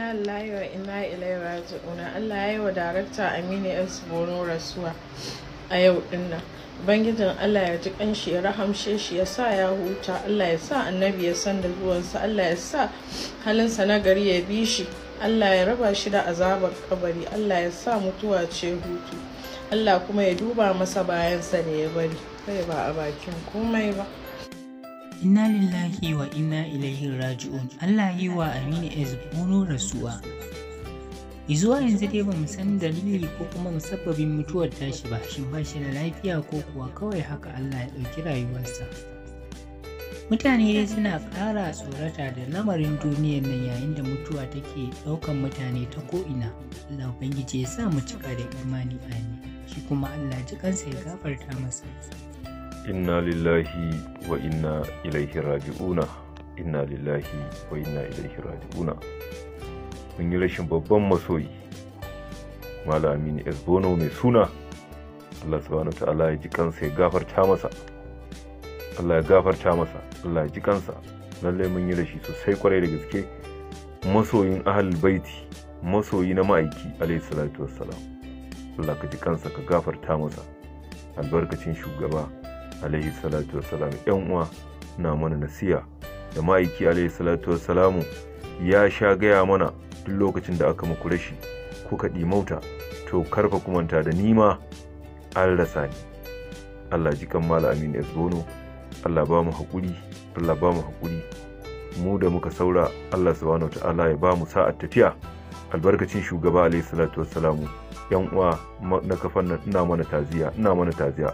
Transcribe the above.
inna lillahi wa inna ilaihi raji'un Allah ya yi wa darakta Aminu S Bono rasuwa a yau din nan Bangijin Allah ya ji kanshi ya rahamshe shi ya sa ya huta Allah ya sa annabi ya san da zuwansa Allah ya sa halinsa na gari ya bi shi Allah ya raba shi da azabar kabari Allah ya sa mutuwa ce hutu Allah kuma ya duba masa bayansa ne ya bari kai ba a bakin komai ba inna lillahi wa inna ilaihi raji'un Allah yi wa Aminu ez Bono rasuwa izuwa yanzu dai ba mu san dalili ko kuma musabbabin mutuwar tashi ba shin ba shi da lafiya ko kuwa kawai haka Allah ya ɗauki rayuwarsa mutane dai suna ƙara tsorata da lamarin duniyar nan yayin da mutuwa take ɗaukan mutane ta ko'ina Allah ubangiji ya sa mu cika da imani amin shi kuma Allah ji kansa ya gafarta masa inna lillahi wa inna ilaihi raji'una inna lillahi wa inna ilaihi raji'una mun yi rashin babban masoyi malami esbono mai suna Allah subhanahu ta'ala ya ji kansa ya gafarta masa Allah ya gafarta masa Allah ya ji kansa lallai mun yi rashi sosai kwarai da gaske masoyin ahal baiti masoyi na ma'aiki alaihi salatu wassalam Allah ka ji kansa ka gafarta masa albarkacin shugaba alaihi salatu wasalam yan uwa na mana nasiya da ma'aiki alaihi salatu salamu ya sha gaya mana duk lokacin da aka muku rashi kuka mauta to karfa kumanta da nima an rasa ni Allah ji kan mala amin esbono Allah ba mu haƙuri Allah ba mu haƙuri mu da muka saura Allah subhanahu wa ya ba mu sa'ar tafiya albarkacin shugaba alaihi salatu salamu yan uwa na kafan na mana taziya